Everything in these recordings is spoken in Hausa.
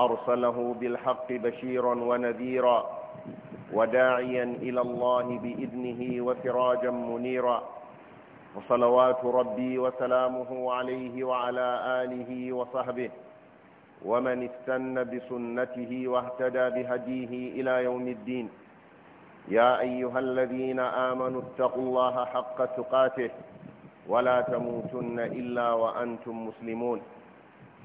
أرسله بالحق بشيرا ونذيرا وداعيا إلى الله بإذنه وسراجا منيرا وصلوات ربي وسلامه عليه وعلى آله وصحبه ومن استن بسنته واهتدى بهديه إلى يوم الدين يا أيها الذين آمنوا اتقوا الله حق تقاته ولا تموتن إلا وأنتم مسلمون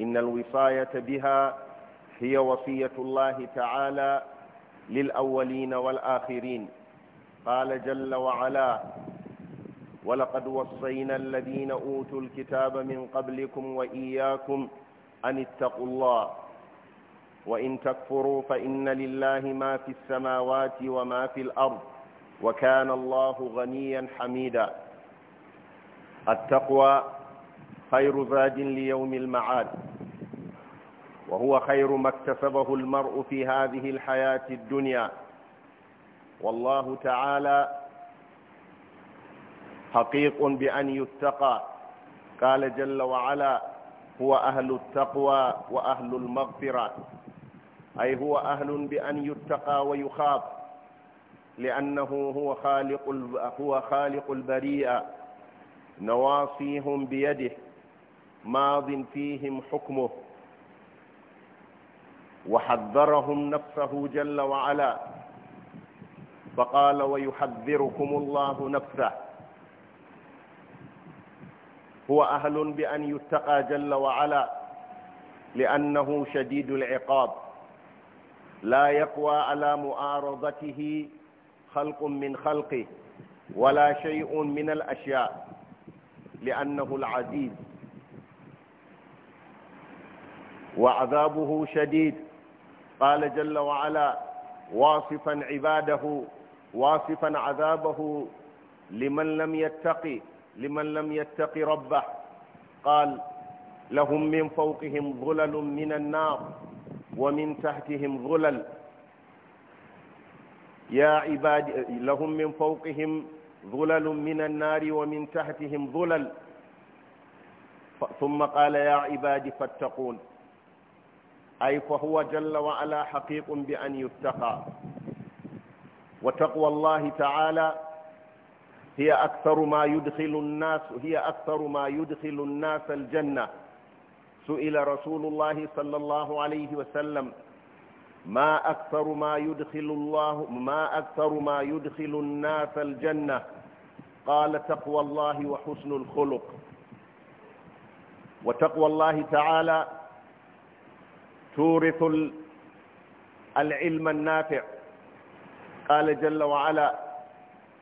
إن الوصاية بها هي وصية الله تعالى للأولين والآخرين قال جل وعلا ولقد وصينا الذين أوتوا الكتاب من قبلكم وإياكم أن اتقوا الله وإن تكفروا فإن لله ما في السماوات وما في الأرض وكان الله غنيا حميدا التقوى خير زاد ليوم المعاد وهو خير ما اكتسبه المرء في هذه الحياة الدنيا والله تعالى حقيق بأن يتقى قال جل وعلا هو أهل التقوى وأهل المغفرة أي هو أهل بأن يتقى ويخاف لأنه هو خالق هو خالق البريئة نواصيهم بيده ماض فيهم حكمه وحذرهم نفسه جل وعلا فقال ويحذركم الله نفسه هو أهل بأن يتقى جل وعلا لأنه شديد العقاب لا يقوى على معارضته خلق من خلقه ولا شيء من الأشياء لأنه العزيز وعذابه شديد قال جل وعلا واصفا عباده واصفا عذابه لمن لم يتق لمن لم يتق ربه قال لهم من فوقهم ظلل من النار ومن تحتهم ظلل يا عباد لهم من فوقهم ظلل من النار ومن تحتهم ظلل ثم قال يا عبادي فاتقون أي فهو جل وعلا حقيق بأن يتقى وتقوى الله تعالى هي أكثر ما يدخل الناس هي أكثر ما يدخل الناس الجنة سئل رسول الله صلى الله عليه وسلم ما أكثر ما يدخل الله ما أكثر ما يدخل الناس الجنة قال تقوى الله وحسن الخلق وتقوى الله تعالى تورث العلم النافع قال جل وعلا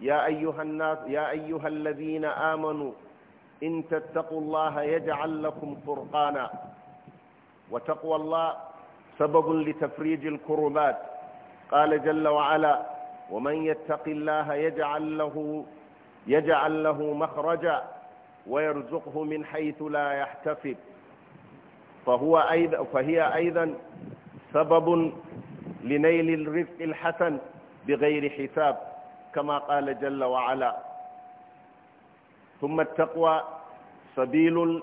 يا أيها, الناس يا أيها الذين آمنوا إن تتقوا الله يجعل لكم فرقانا وتقوى الله سبب لتفريج الكربات قال جل وعلا ومن يتق الله يجعل له يجعل له مخرجا ويرزقه من حيث لا يحتسب فهو أيضا فهي أيضا سبب لنيل الرزق الحسن بغير حساب كما قال جل وعلا ثم التقوى سبيل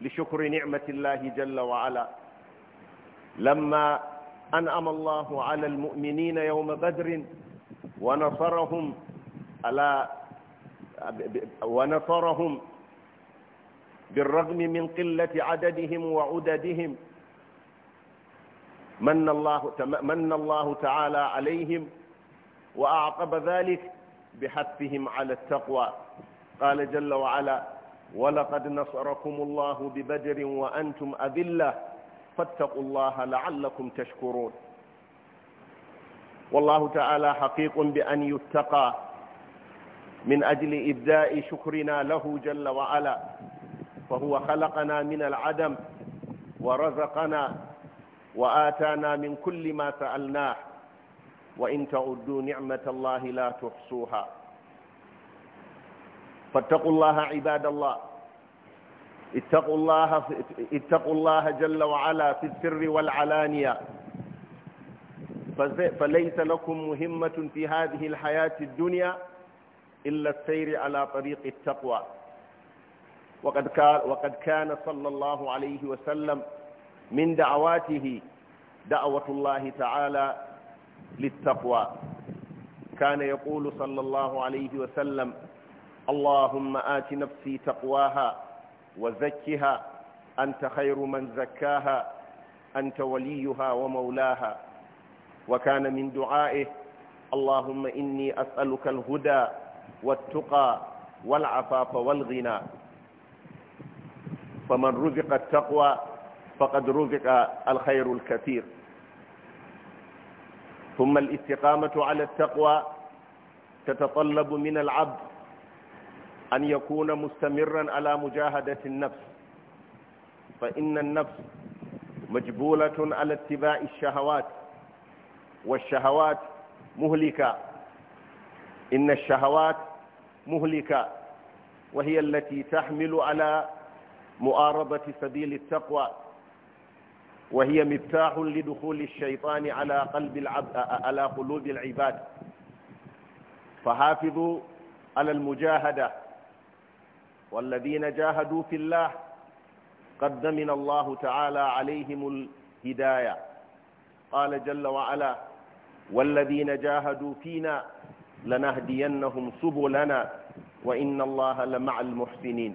لشكر نعمة الله جل وعلا لما أنعم الله على المؤمنين يوم بدر ونصرهم على ونصرهم بالرغم من قلة عددهم وعددهم من الله, من الله تعالى عليهم وأعقب ذلك بحثهم على التقوى قال جل وعلا ولقد نصركم الله ببدر وأنتم أذلة فاتقوا الله لعلكم تشكرون والله تعالى حقيق بأن يتقى من أجل إبداء شكرنا له جل وعلا فهو خلقنا من العدم ورزقنا وآتانا من كل ما سألناه وإن تعدوا نعمة الله لا تحصوها فاتقوا الله عباد الله اتقوا الله اتقوا الله جل وعلا في السر والعلانية فليس لكم مهمة في هذه الحياة الدنيا إلا السير على طريق التقوى وقد كان, وقد كان صلى الله عليه وسلم من دعواته دعوة الله تعالى للتقوى كان يقول صلى الله عليه وسلم اللهم آت نفسي تقواها وزكها أنت خير من زكاها أنت وليها ومولاها وكان من دعائه اللهم إني أسألك الهدى والتقى والعفاف والغنى فمن رزق التقوى فقد رزق الخير الكثير ثم الاستقامة على التقوى تتطلب من العبد أن يكون مستمرا على مجاهدة النفس فإن النفس مجبولة على اتباع الشهوات والشهوات مهلكة إن الشهوات مهلكة وهي التي تحمل على مؤاربة سبيل التقوى وهي مفتاح لدخول الشيطان على قلب العبد على قلوب العباد فحافظوا على المجاهدة والذين جاهدوا في الله قد من الله تعالى عليهم الهداية قال جل وعلا والذين جاهدوا فينا لنهدينهم سبلنا وإن الله لمع المحسنين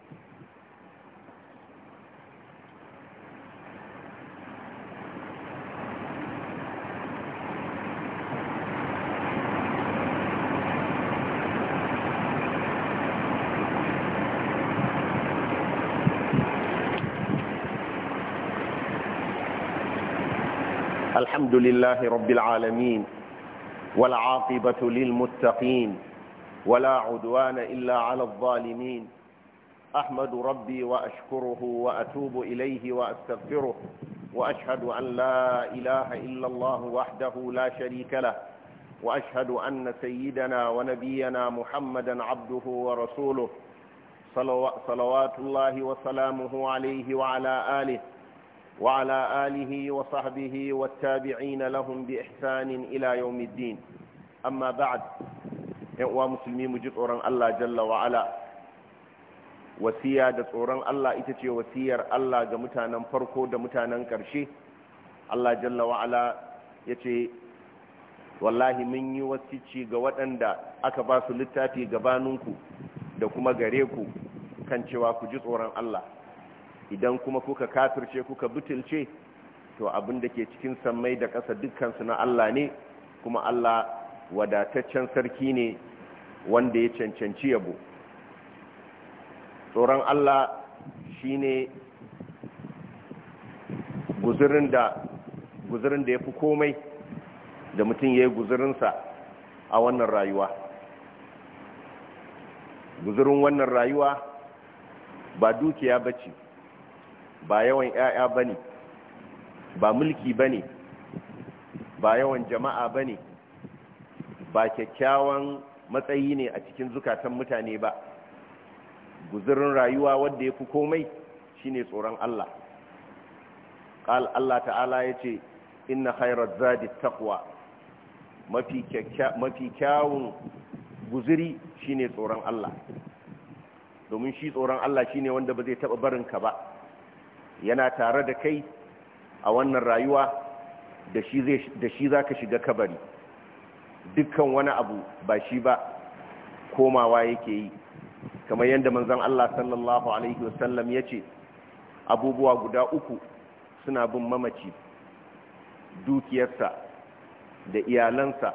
الحمد لله رب العالمين والعاقبة للمتقين ولا عدوان إلا على الظالمين أحمد ربي وأشكره وأتوب إليه وأستغفره وأشهد أن لا إله إلا الله وحده لا شريك له وأشهد أن سيدنا ونبينا محمدا عبده ورسوله صلوات الله وسلامه عليه وعلى آله Wa'ala وعلى آله وصحبه والتابعين لهم بإحسان إلى يوم الدين أما بعد ومسلمين مجد أوران الله جل وعلا wasiya da tsoron Allah ita ce wasiyar Allah ga mutanen farko da mutanen ƙarshe Allah jalla wa'ala ya ce wallahi mun yi wasici ga waɗanda aka ba su littafi gabaninku da kuma gare ku kan cewa ku ji tsoron Allah idan kuma kuka kafirce kuka butulce to abin da ke cikin sammai da ƙasa dukkansu na Allah ne kuma Allah wadataccen sarki ne wanda ya cancanci yabo tsoron Allah shine guzurin da guzurin da ya fi komai da mutum ya yi guzurinsa a wannan rayuwa guzurin wannan rayuwa ba dukiya ba ce ba yawan ƴaƴa bane ba mulki bane ba yawan jama'a bane ba kyakkyawan matsayi ne a cikin zukatan mutane ba guzurin rayuwa wanda fi komai shine tsoron Allah ƙal Allah ta'ala ya ce inna hairar zadi takwa mafi mafi kyawun guzuri shine tsoron Allah domin shi tsoron Allah shi ne wanda ba zai taba barinka ba yana tare da kai a wannan rayuwa da shi za ka shiga kabari dukkan wani abu ba shi ba komawa yake yi kamar yadda manzan Allah sallallahu Alaihi wasallam ya ce abubuwa guda uku suna bin mamaci dukiyarsa da iyalansa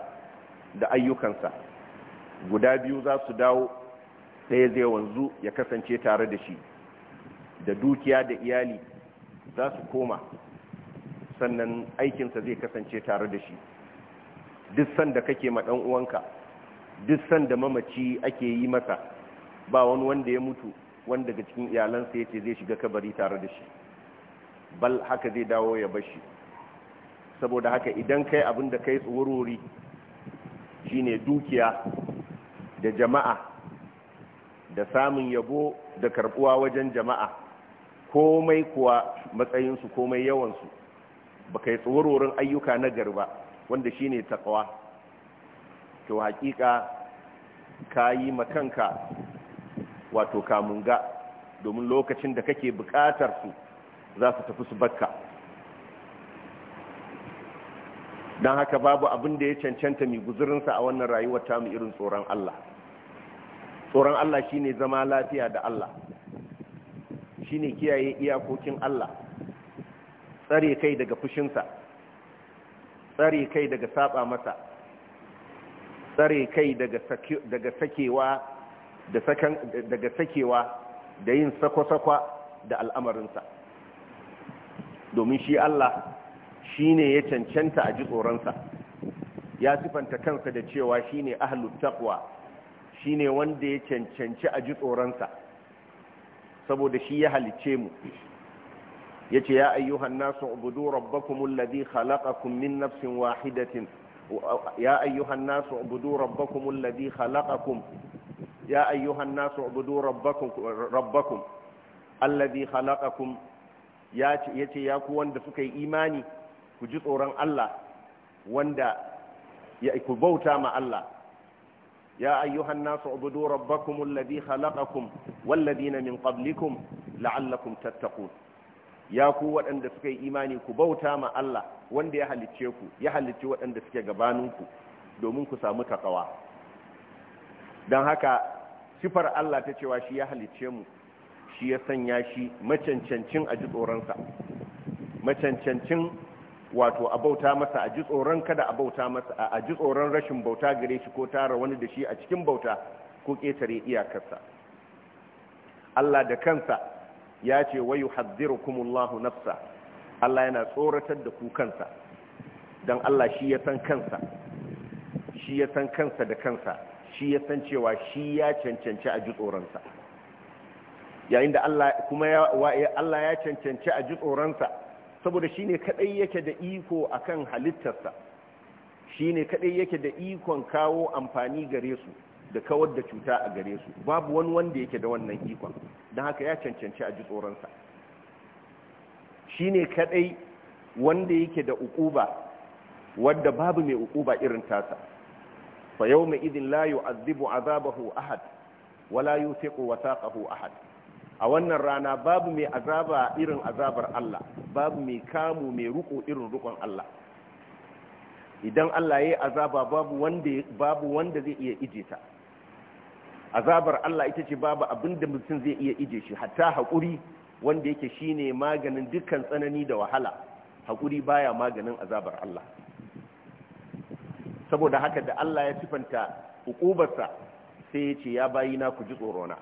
da ayyukansa guda biyu za su dawo ɗaya zai wanzu ya kasance tare da shi da dukiya da iyali za su koma sannan aikinsa zai kasance tare da shi duk sanda kake ma ɗan uwanka duk sanda mamaci ake yi masa ba wani wanda ya mutu wanda daga cikin iyalansa yake zai shiga kabari tare da shi bal haka zai dawo ya bashi saboda haka idan kai abin da kai tsorori shine dukiya da jama'a da samun yabo da karbuwa wajen jama'a komai kuwa matsayinsu komai yawansu ba ka yi tsororin ayyuka na garba wanda shi ne taƙawa to hakika ka yi makanka wato kamunga domin lokacin da kake buƙatar su za su tafi su bakka don haka babu abin da ya cancanta mai guzurinsa a wannan rayuwar mu irin tsoron Allah tsoron Allah shi ne zama lafiya da Allah shine kiyaye iyakokin Allah tsare kai daga fushinsa tsare kai daga saba masa tsare kai daga sakewa da daga sakewa da yin sako-sakwa da al'amarinsa domin shi Allah shi ne ya cancanta a ji tsoronsa ya sifanta kansa da cewa shi ne ahalu taqwa shi ne wanda ya cancanci a ji tsoronsa saboda shi ya halicce mu ya ce ya ayyuhan nasu ubudu rabbakumul ladhi khalaqakum min nafsin wahidatin ya ayyuhan nasu ubudu rabbakumul ladhi khalaqakum ya ayyuhan nasu ubudu rabbakum rabbakum alladhi khalaqakum yace ya ku wanda suka yi imani ku ji tsoron Allah wanda ya ku bauta ma Allah يا أيها الناس اعبدوا ربكم الذي خلقكم والذين من قبلكم لعلكم تتقون ya ku waɗanda suka yi imani ku bauta ma Allah wanda ya halicce ku ya halicci waɗanda suke gabaninku domin ku samu takawa don haka sifar Allah ta cewa shi ya halicce mu shi ya sanya shi macancancin a ji tsoronsa macancancin wato a bauta masa a ji tsoron kada a bauta masa a ji tsoron rashin bauta gare shi ko tara wani da shi a cikin bauta ko ƙetare iyakarsa Allah da kansa ya ce wa yuhadhdhirukumullahu nafsa Allah yana tsoratar da ku kansa dan Allah shi ya san kansa shi ya san kansa da kansa shi ya san cewa shi ya cancanci a ji tsoronsa yayin da Allah kuma Allah ya cancanci a ji tsoronsa saboda shi ne kaɗai yake da iko akan halittarsa shi ne kaɗai yake da ikon kawo amfani gare su da kawar da cuta a gare su babu wani wanda yake da wannan ikon don haka ya cancanci a ji tsoronsa Shi ne kaɗai wanda yake da ukuba wadda babu mai ukuba irin tasa fa mai idin la yu'adhibu azabahu ahad wala yuthiqu wasa ahad a wannan rana babu mai azaba irin azabar Allah babu mai kamu mai ruko irin rukon Allah idan Allah ya yi azaba babu wanda zai iya ije ta azabar Allah ita ce babu abin da mutum zai iya ije shi hatta haƙuri wanda yake shine maganin dukkan tsanani da wahala haƙuri baya maganin azabar Allah saboda haka da Allah ya sifanta hukubarsa sai ya ce ya bayina ku ji tsorona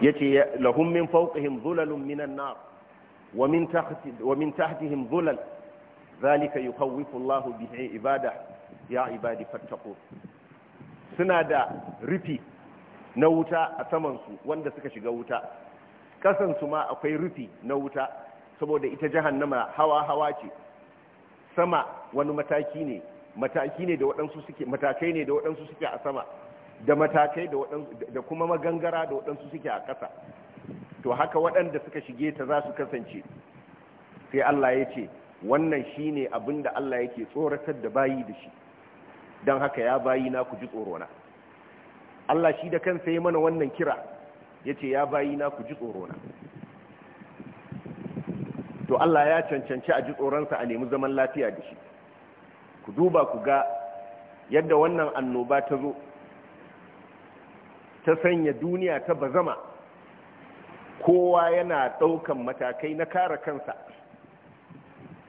yace lahum min fawqihim dhulalun minan nar wa min tahtihim dhulal zalika yukhawwifu Allah bihi ibada ya ibadi fattaqu suna da rufi na wuta a saman su wanda suka shiga wuta kasansu su ma akwai rufi na wuta saboda ita jahannama hawa hawa ce sama wani mataki ne mataki ne da waɗansu suke matakai ne da waɗansu suke a sama da matakai da kuma magangara da waɗansu suke a ƙasa to haka waɗanda suka shige ta za su kasance sai Allah ya ce wannan shi ne abin Allah yake tsoratar da bayi da shi don haka ya bayi na ku ji tsorona Allah shi da kansa ya mana wannan kira ya ce ya bayi na ku ji tsorona to Allah ya cancanci a ji tsoronsa a nemi zaman lafiya da shi ku duba ku ga yadda wannan annoba ta zo ta sanya duniya ta bazama kowa yana ɗaukan matakai na kare kansa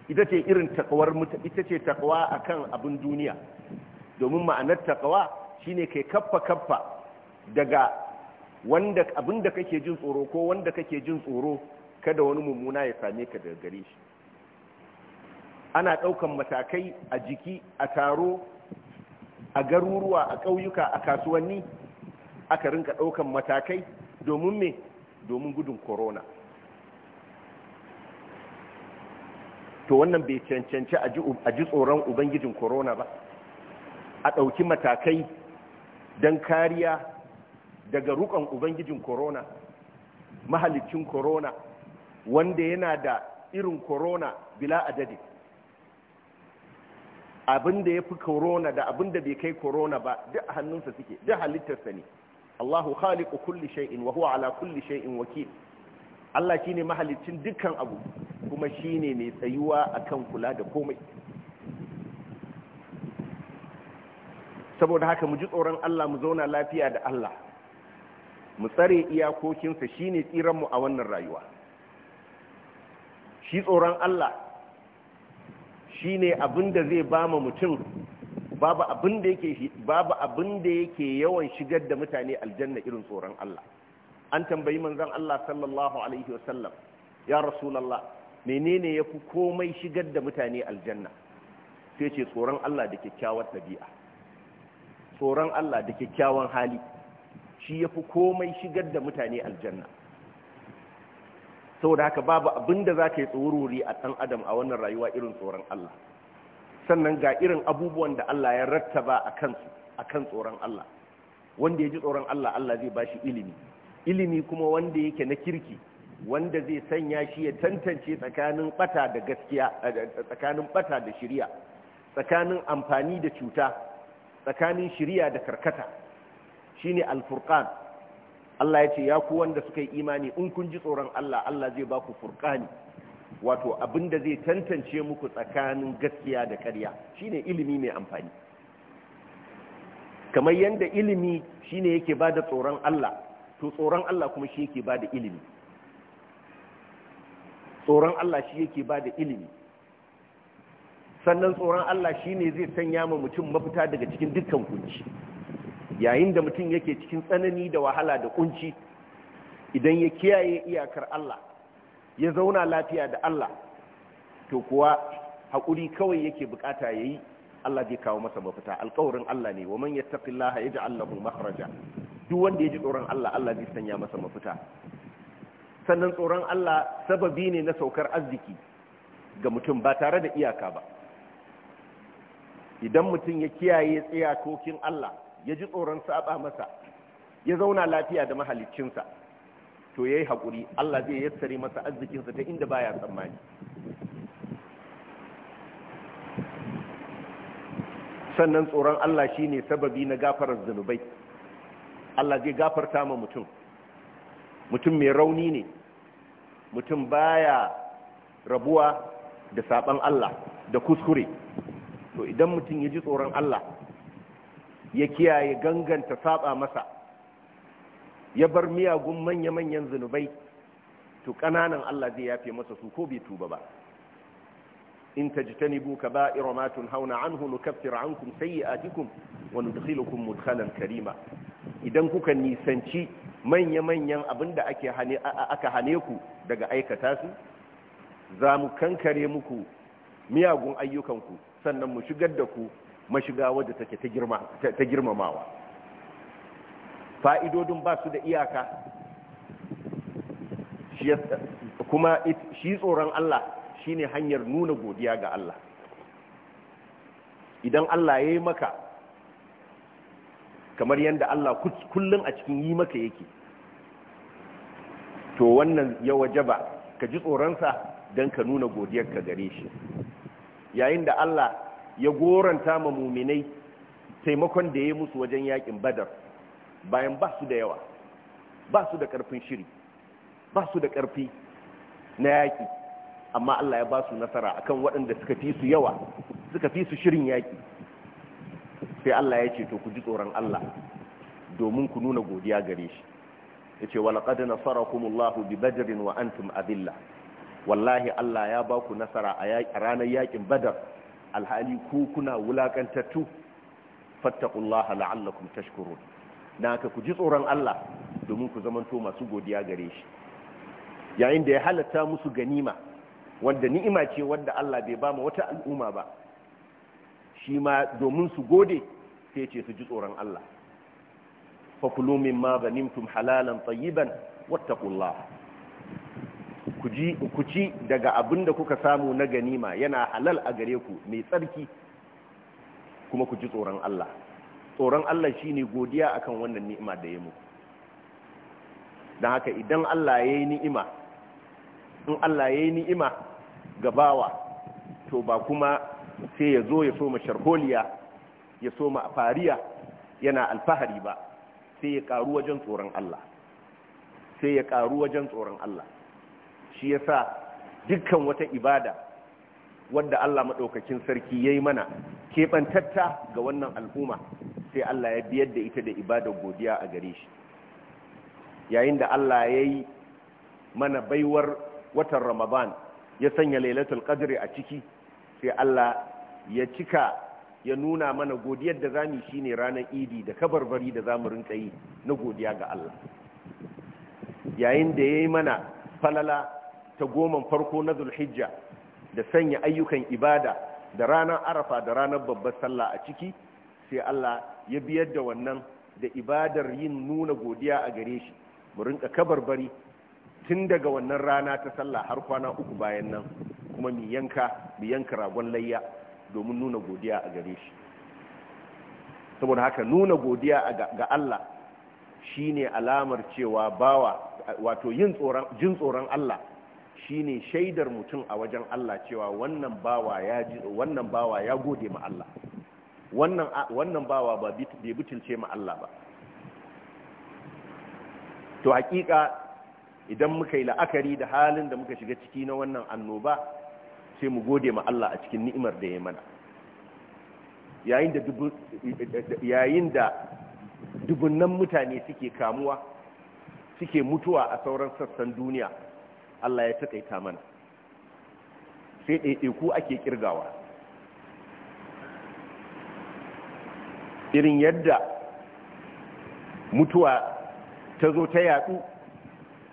ita ce irin takawar ita ce takawa akan abin duniya domin ma'anar takawa shine kai kaffa kaffa daga wanda abin da kake jin tsoro ko wanda kake jin tsoro kada wani mummuna ya same ka daga gare shi ana ɗaukan matakai a jiki a taro a garuruwa a ƙauyuka a kasuwanni aka rinka ɗaukan matakai domin me domin gudun corona to wannan bai cancanci a ji tsoron ubangijin korona ba a ɗauki matakai don kariya daga rukon ubangijin korona, mahalicin korona, wanda yana da irin korona bila adadi abin da ya fi corona da abin da bai kai korona ba duk a hannunsa suke duk halittarsa ne Allahu khaliqu kulli shay'in wa huwa ala kulli shay'in wakil Allah shine mahalicin dukkan abu kuma shine mai tsayuwa akan kula da komai saboda haka mu ji tsoron Allah mu zauna lafiya da Allah mu tsare iyakokinsa shine tsiranmu a wannan rayuwa shi tsoron Allah shine abin da zai ba mu mutum babu abin da yake babu abin da yake yawan shigar da mutane aljanna irin tsoron Allah an tambayi manzon Allah sallallahu alaihi wasallam ya rasulullah menene yafi komai shigar da mutane aljanna sai ce tsoron Allah da kyakkyawar tabi'a tsoron Allah da kyakkyawan hali shi yafi komai shigar da mutane aljanna saboda haka babu abin da zaka yi tsoruri a dan adam a wannan rayuwa irin tsoron Allah sannan ga irin abubuwan da Allah ya rattaba a kansu a kan tsoron Allah wanda ya ji tsoron Allah Allah zai ba shi ilimi ilimi kuma wanda yake na kirki wanda zai sanya shi ya tantance tsakanin bata da gaskiya eh, eh, tsakanin bata da shiriya tsakanin amfani da cuta tsakanin shiriya da karkata shine al Allah ya ce ya ku wanda suka yi imani in kun ji tsoron Allah Allah zai ba ku furqani wato abin da zai tantance muku tsakanin gaskiya da ƙarya shine ilimi mai amfani kamar yadda ilimi shine yake ba da tsoron Allah to tsoron Allah kuma shi yake ba da ilimi tsoron Allah shi yake ba da ilimi sannan tsoron Allah shi ne zai sanya ma mutum mafita daga cikin dukkan kunci yayin da mutum yake cikin tsanani da wahala da kunci idan ya kiyaye iyakar Allah ya zauna lafiya da Allah to kuwa haƙuri kawai yake bukata ya yi Allah zai kawo masa mafita alƙawarin Allah ne wa man yattaqillaha yaj'al Allah makaraja duk wanda ya ji tsoron Allah Allah zai sanya masa mafita sannan tsoron Allah sababi ne na saukar arziki ga mutum ba tare da iyaka ba idan mutum ya kiyaye kokin Allah ya ji tsoron saba masa ya zauna lafiya da mahaliccinsa to ya yi hakuri Allah zai yassare masa arzikinsa ta inda baya tsammani sannan tsoron Allah shine sababi na gafarar zunubai Allah zai gafarta ma mutum mutum mai rauni ne mutum baya rabuwa da saɓan Allah da kuskure to idan mutum ya ji tsoron Allah ya kiyaye ganganta saɓa masa ya bar miyagun manya-manyan zunubai to ƙananan Allah zai yafe masa su ko bai tuba ba in tajtanibu kaba'ira ma tunhauna anhu nukaffir ankum sayyi'atikum wa nudkhilukum mudkhalan karima idan kuka nisanci manya-manyan abinda ake hane aka hane ku daga aikata su za mu kankare muku miyagun ayyukanku sannan mu shigar da ku mashiga wadda take ta girmamawa fa'idodin ba su da iyaka kuma shi tsoron Allah shi ne hanyar nuna godiya ga Allah idan Allah ya yi maka kamar yadda Allah kullum a cikin yi maka yake to wannan ya waje ba, ka ji tsoronsa don ka nuna ka gare shi yayin da Allah ya goranta ma muminai taimakon da ya yi musu wajen yakin badar bayan ba su da yawa ba su da ƙarfin shiri ba su da ƙarfi na yaƙi amma Allah ya ba su nasara akan waɗanda suka fi su yawa suka fi su shirin yaƙi sai Allah ya ce to ku ji tsoron Allah domin ku nuna godiya gare shi ya ce walaƙadu nasarakumullahu bi Bajirin wa antum adilla wallahi Allah ya ba ku nasara a ranar yakin badar alhali ku kuna wulaƙantattu fattakullaha la'allakum tashkurun na aka ku ji tsoron Allah domin ku zamanto masu godiya gare shi yayin da ya halatta musu ganima wanda ni'ima ce wanda Allah bai ba mu wata al'umma ba shi ma domin su gode sai ce su ji tsoron Allah fakulu mimma ganimtum halalan tayyiban wattaqullah ku ji ku ci daga abin da kuka samu na ganima yana halal a gare ku mai tsarki kuma ku ji tsoron Allah tsoron Allah shi ne godiya akan wannan ni'ima da ya muku don haka idan Allah ya yi ni'ima in Allah ya yi ni'ima ga to ba kuma sai ya zo ya soma sharholiya ya soma fariya yana alfahari ba sai ya karu wajen tsoron Allah sai ya ƙaru wajen tsoron Allah shi ya sa dukkan wata ibada wadda Allah maɗaukakin sarki ya yi mana keɓantatta ga wannan al'umma sai Allah ya biyar da ita da ibadar godiya a gare shi yayin da Allah ya yi mana baiwar watan Ramadan ya sanya lailatul qadri a ciki sai Allah ya cika ya nuna mana godiyar da zamu shine ranar Idi da kabarbari da zamu rinka yi na godiya ga Allah yayin da ya yi mana falala ta goman farko na Zulhijja da sanya ayyukan ibada da ranar Arafa da ranar babbar sallah a ciki sai Allah ya biyar da wannan da ibadar yin nuna godiya a gare shi mu kabar bari tun daga wannan rana ta sallah har kwana uku bayan nan kuma mu yanka mi yanka ragon layya domin nuna godiya a gare shi saboda haka nuna godiya ga Allah shine alamar cewa bawa wato jin tsoron Allah shine shaidar mutum a wajen Allah cewa wannan bawa ya gode ma Allah wannan bawa ba bai butulce ma Allah ba to hakika idan muka yi la'akari da halin da muka shiga ciki na wannan annoba sai mu gode ma Allah a cikin ni'imar da ya mana yayin da dubunnan mutane suke kamuwa suke mutuwa a sauran sassan duniya Allah ya taƙaita mana sai ɗaiɗaiku ake ƙirgawa. irin yadda mutuwa ta zo ta yadu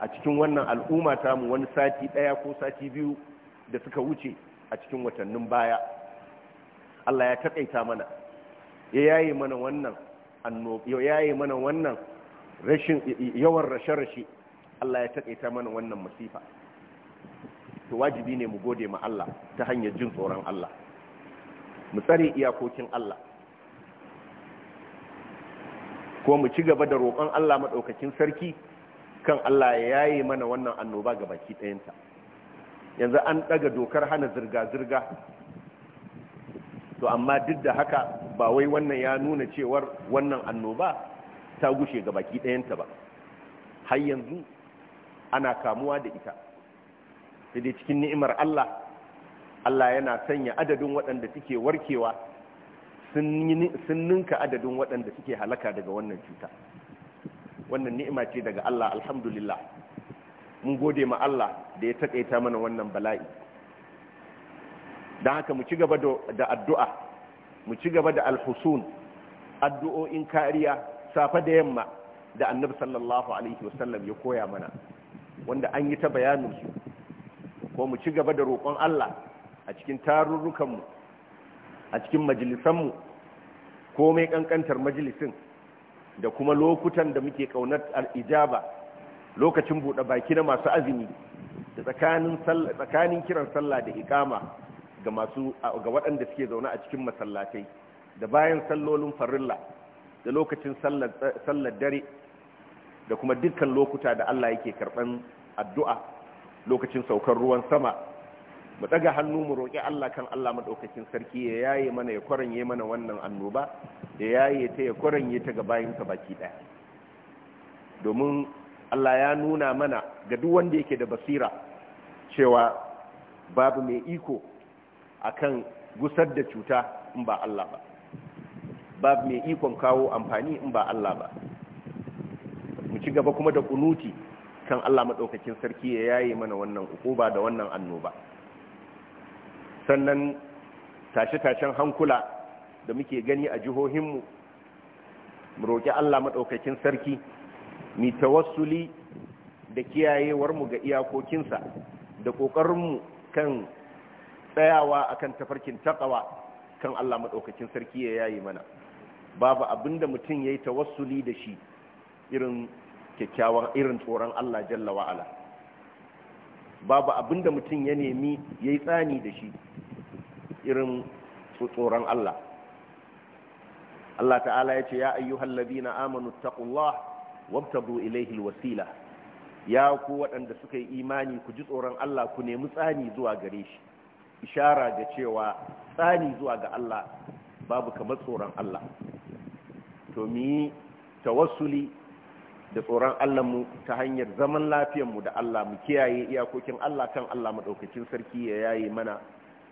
a cikin wannan al'umma tamu wani sati daya ko sati biyu da suka wuce a cikin watannin baya Allah ya takaita mana ya yaye mana wannan ya yaye mana wannan rashin yawan rashe-rashe Allah ya takaita mana wannan masifa to wajibi ne mu gode ma Allah ta hanyar jin tsoron Allah mu tsare iyakokin Allah ko mu ci gaba da roƙon Allah maɗaukakin sarki kan Allah ya yaye mana wannan annoba ga baki ɗayanta yanzu an ɗaga dokar hana zirga-zirga to amma duk da haka ba wai wannan ya nuna cewar wannan annoba ta gushe ga baki ɗayanta ba har yanzu ana kamuwa da ita sai dai cikin ni'imar Allah Allah yana sanya adadin waɗanda suke warkewa sun ninka adadin waɗanda suke halaka daga wannan cuta wannan ni'ima ce daga Allah alhamdulillah mun gode ma Allah da ya taƙaita mana wannan bala'i don haka mu ci gaba da addu'a mu ci gaba da alhusun addu'o'in kariya safa da yamma da annabi sallallahu alaihi wasallam ya koya mana wanda an yi ta bayaninsu ko mu ci gaba da roƙon Allah a cikin tarurrukanmu a cikin majalisanmu komai kankantar majalisin da kuma lokutan da muke kaunar al'ijaba lokacin buɗe baki na masu azumi da tsakanin kiran sallah da ikama ga masu ga waɗanda suke zaune a cikin masallatai da bayan sallolin farilla da lokacin sallar dare da kuma dukkan lokuta da Allah yake karɓan addu'a lokacin saukar ruwan sama mu daga hannu mu roƙi Allah kan Allah madaukakin sarki ya yaye mana ya kwaranye mana wannan annoba ya yaye ta ya kwaranye ta ga ka baki daya domin Allah ya nuna mana ga duk wanda yake da basira cewa babu mai iko akan gusar da cuta in ba Allah ba babu mai ikon kawo amfani in ba Allah ba mu ci gaba kuma da kunuti kan Allah madaukakin sarki ya yaye mana wannan ukuba da wannan annoba sannan tashe-tashen hankula da muke gani a jihohinmu mu roƙi Allah maɗaukakin sarki mi tawassuli da kiyayewarmu ga iyakokinsa da ƙoƙarinmu kan tsayawa akan tafarkin taƙawa kan Allah maɗaukakin sarki ya yayi mana babu da mutum ya yi tawassuli da shi irin kyakkyawa, irin tsoron Allah jalla wa'ala babu abin da mutum ya nemi ya yi tsani da shi irin tsoron Allah Allah ta'ala ya ce ya ayyuhal ladina amanu taqullah ilaihi ilayhi alwasila ya ku waɗanda suka yi imani ku ji tsoron Allah ku nemi tsani zuwa gare shi ishara ga cewa tsani zuwa ga Allah babu kamar tsoron Allah to mi tawassuli da tsoron mu ta hanyar zaman mu da Allah mu kiyaye iyakokin Allah kan Allah maɗaukacin sarki ya yaye mana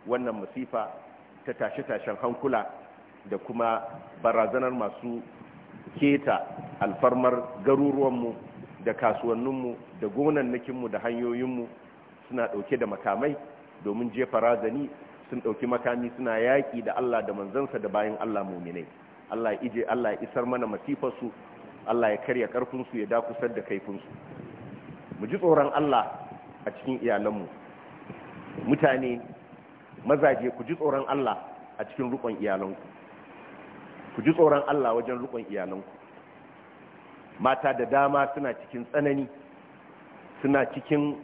wannan masifa ta tashe-tashen hankula da kuma barazanar masu keta alfarmar garuruwanmu da kasuwanninmu da gonannakinmu da hanyoyinmu suna ɗauke da makamai domin jefa razani sun ɗauki makami suna yaƙi da Allah da manzansa da bayan Allah muminai Allah ije Allah isar mana masifarsu Allah ya karya karfinsu ya dakusar da kaifinsu mu ji tsoron Allah a cikin iyalanmu mutane mazaje ku ji tsoron Allah a cikin rukon iyalanku ku ji tsoron Allah wajen rukon iyalanku mata da dama suna cikin tsanani suna cikin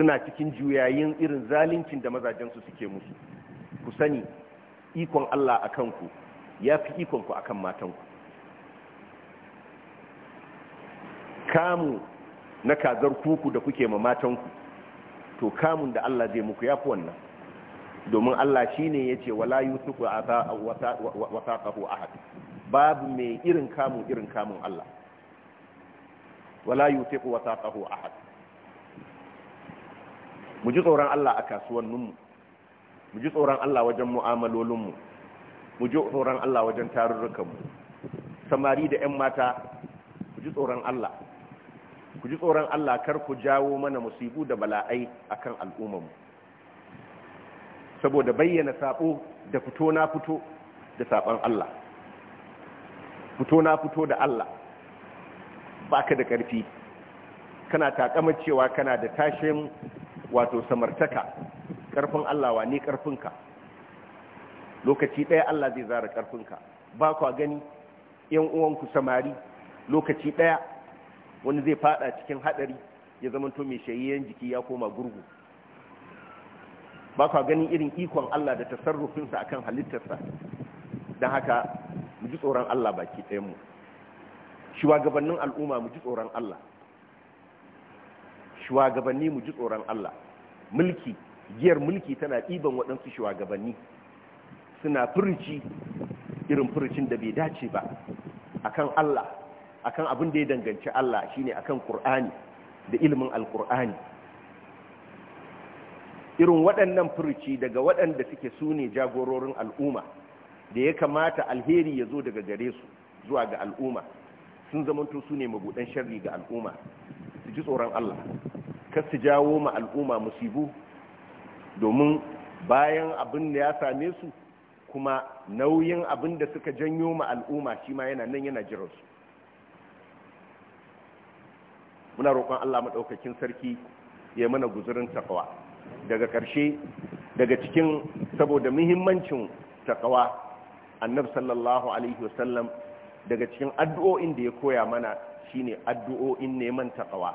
suna cikin juyayin irin zalincin da mazajensu suke musu ku sani ikon Allah a kanku ya fi ikonku a kan matanku kamu na kazar kuku da kuke ma matanku to kamun da Allah zai muku yafi wannan domin Allah shine yace wala yusuku a ahad babu mai irin kamun irin kamun Allah wala yusuku a ahad mu ji tsoron Allah a kasuwanninmu mu ji tsoron Allah wajen mu'amalolinmu mu ji tsoron Allah wajen tarurrukanmu samari da 'yan mata mu ji tsoron Allah ku ji tsoron Allah kar ku jawo mana musibu da bala'ai akan al'ummarmu saboda bayyana sabo da fito na fito da saban Allah fito na fito da Allah baka da karfi kana takamar cewa kana da tashin wato samartaka karfin Allah wa ne karfinka lokaci ɗaya Allah zai zara karfinka ba kwa gani yan uwanku samari lokaci ɗaya wani zai fada cikin hadari ya zama to mai shayayyen jiki ya koma gurgu ba ka ganin irin ikon Allah da tasarrufinsa akan halittarsa don haka mu ji tsoron Allah baki ɗayan mu shugabannin al'umma mu ji tsoron Allah shugabanni mu ji tsoron Allah mulki giyar mulki tana ɗiban waɗansu shugabanni suna furici irin furicin da bai dace ba akan Allah akan abin da ya danganci Allah shine akan Kur'ani da ilimin Al-Qur'ani irin waɗannan furuci daga waɗanda suke sune jagororin al'umma da ya kamata alheri ya zo daga gare su zuwa ga al'umma sun zamanto su ne mabuɗan sharri ga al'umma su ji tsoron Allah kar su jawo ma al'umma musibu domin bayan abin da ya same su kuma nauyin abin da suka janyo ma al'umma shi ma yana nan yana jiransu muna roƙon Allah maɗaukakin sarki ya mana guzurin taƙawa daga ƙarshe daga cikin saboda muhimmancin takawa annab sallallahu alaihi wasallam daga cikin addu'o'in da ya koya mana shi ne addu'o'in neman taƙawa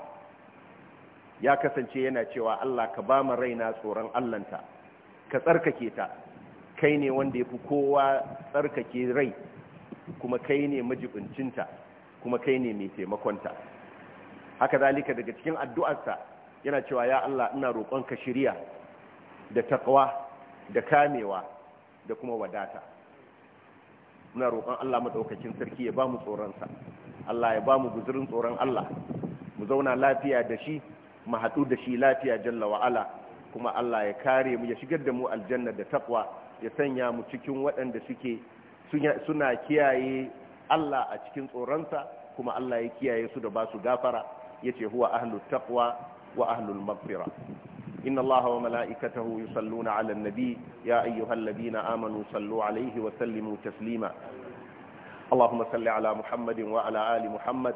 ya kasance yana cewa Allah ka ba ma raina tsoron Allahnta ka tsarkake ta kai ne wanda ya fi kowa tsarkake rai kuma kai ne majibincinta kuma kai ne mai taimakonta haka zalika daga cikin addu'arsa yana cewa ya Allah ina roƙonka shiriya da taqwa da kamewa da kuma wadata Ina roƙon Allah madaukakin sarki ya ba mu tsoronsa Allah ya ba mu guzurin tsoron Allah mu zauna lafiya da shi mu haɗu da shi lafiya jalla wa'ala kuma Allah ya kare mu ya shigar da mu aljanna da taqwa ya sanya mu cikin waɗanda suke suna kiyaye Allah a cikin tsoronsa kuma Allah ya kiyaye su da ba su gafara yace huwa ahlut taqwa wa ahlul maghfira إن الله وملائكته يصلون على النبي يا أيها الذين آمنوا صلوا عليه وسلموا تسليما اللهم صل على محمد وعلى آل محمد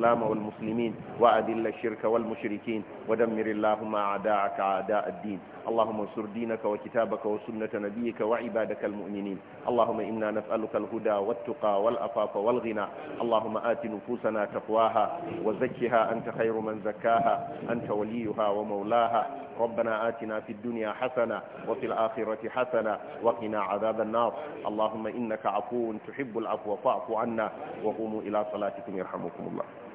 الإسلام والمسلمين وأذل الشرك والمشركين ودمر اللهم أعداءك أعداء الدين اللهم انصر دينك وكتابك وسنة نبيك وعبادك المؤمنين اللهم إنا نسألك الهدى والتقى والأفاف والغنى اللهم آت نفوسنا تقواها وزكها أنت خير من زكاها أنت وليها ومولاها ربنا آتنا في الدنيا حسنة وفي الآخرة حسنة وقنا عذاب النار اللهم إنك عفو تحب العفو فاعف عنا وقوموا إلى صلاتكم يرحمكم الله